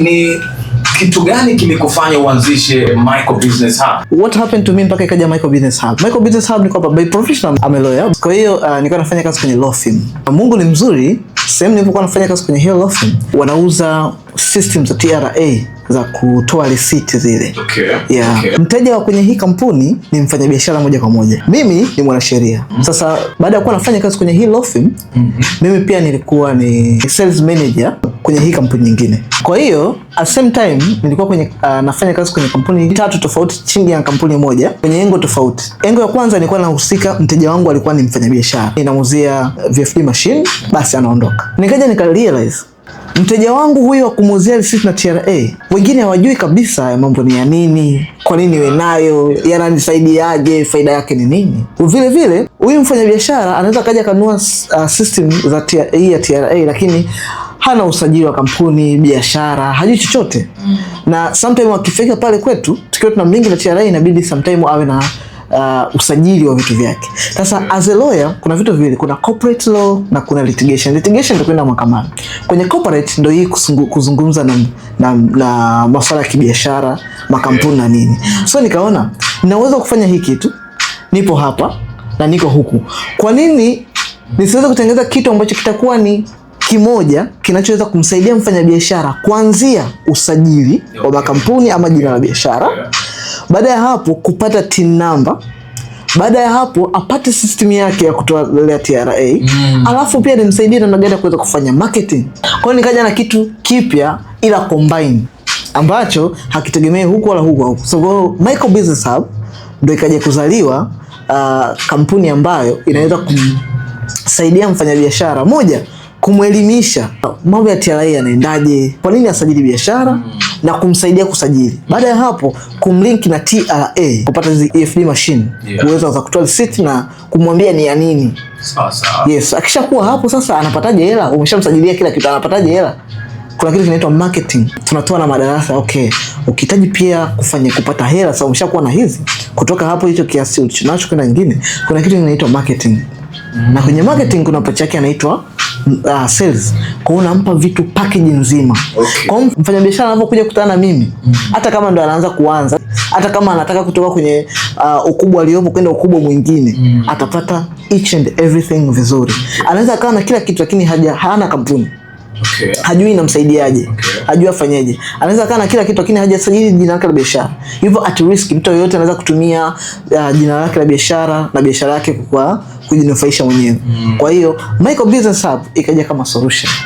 Ni kitu gani kimekufanya uanzishe Michael Business Hub? What happened to me mpaka ikaja Michael Business Hub? Michael Business Hub ni kwamba by professional I'm a lawyer. Kwa hiyo uh, nilikuwa nafanya kazi kwenye law firm. Mungu ni mzuri, sehemu nilipokuwa nafanya kazi kwenye hiyo law firm wanauza system za TRA za kutoa receipt zile. Okay, yeah. Okay. Mteja wa kwenye hii kampuni ni mfanyabiashara moja kwa moja. Mimi ni mwanasheria. Mm -hmm. Sasa baada ya kuwa nafanya kazi kwenye hii law firm, mm -hmm. mimi pia nilikuwa ni sales manager kwenye hii kampuni nyingine. Kwa hiyo at same time nilikuwa kwenye uh, nafanya kazi kwenye kampuni tatu tofauti chini ya kampuni moja kwenye engo tofauti. Engo ya kwanza nilikuwa nahusika, mteja wangu alikuwa ni mfanyabiashara, ninamuuzia VFD machine, basi anaondoka. Nikaja nikarealize mteja wangu huyo wa kumuuzia risiti na TRA, wengine hawajui kabisa ya mambo ni ya nini, kwa nini we nayo, yananisaidiaje, faida yake ni nini. Vile vile huyu mfanyabiashara anaweza kaja kanunua uh, system za TRA, ya TRA lakini hana usajili wa kampuni, biashara, hajui chochote mm. na sometime akifika pale kwetu tukiwa tuna mlingi na TRA inabidi sometime awe na Uh, usajili wa vitu vyake. Sasa as a lawyer kuna vitu viwili, kuna corporate law na kuna litigation. Litigation ndio kwenda mahakamani. Kwenye corporate ndio hii kuzungumza na, na, na masuala ya kibiashara, makampuni na nini. So nikaona ninaweza kufanya hii kitu, nipo hapa na niko huku, kwa nini nisiweze kutengeneza kitu ambacho kitakuwa ni kimoja kinachoweza kumsaidia mfanyabiashara kuanzia usajili wa makampuni ama jina la biashara, baada ya hapo kupata TIN namba baada ya hapo apate system yake ya kutolea TRA mm. Alafu pia nimsaidie namna gani ya kuweza kufanya marketing. Kwa hiyo nikaja na kitu kipya ila combine ambacho hakitegemei huku wala huku huku. So Michael Business Hub ndio ikaja kuzaliwa, uh, kampuni ambayo inaweza kumsaidia mfanyabiashara moja kumwelimisha mambo ya TRA yanaendaje, kwa nini asajili biashara mm. na kumsaidia kusajili. Baada ya hapo kumlink na TRA kupata hizi EFD machine yeah. uwezo za kutoa receipt na kumwambia ni ya nini. Sasa yes, akishakuwa hapo sasa anapataje hela? Umeshamsajilia kila kitu, anapataje hela? Kuna kitu kinaitwa marketing, tunatoa na madarasa. Okay, ukihitaji pia kufanya kupata hela sasa, umeshakuwa na hizi kutoka hapo, hicho kiasi ulichonacho, kuna nyingine, kuna kitu kinaitwa marketing mm. -hmm. na kwenye marketing kuna pacha yake anaitwa uh, sales. Kwa hiyo unampa vitu package nzima. Okay. Kwa hiyo mfanyabiashara anapokuja kukutana na mimi, mm -hmm. hata kama ndo anaanza kuanza, hata kama anataka kutoka kwenye uh, ukubwa aliopo kwenda ukubwa mwingine, mm -hmm. atapata each and everything vizuri. Anaweza akawa na kila kitu lakini haja hana kampuni. Okay. Hajui inamsaidiaje. Okay. Hajui afanyeje. Anaweza kaa na kila kitu lakini hajasajili jina lake la biashara. Hivyo at risk mtu yeyote anaweza kutumia uh, jina lake la biashara na biashara yake kwa kujinufaisha mwenyewe. Mm. Kwa hiyo micro business hub ikaja kama solution.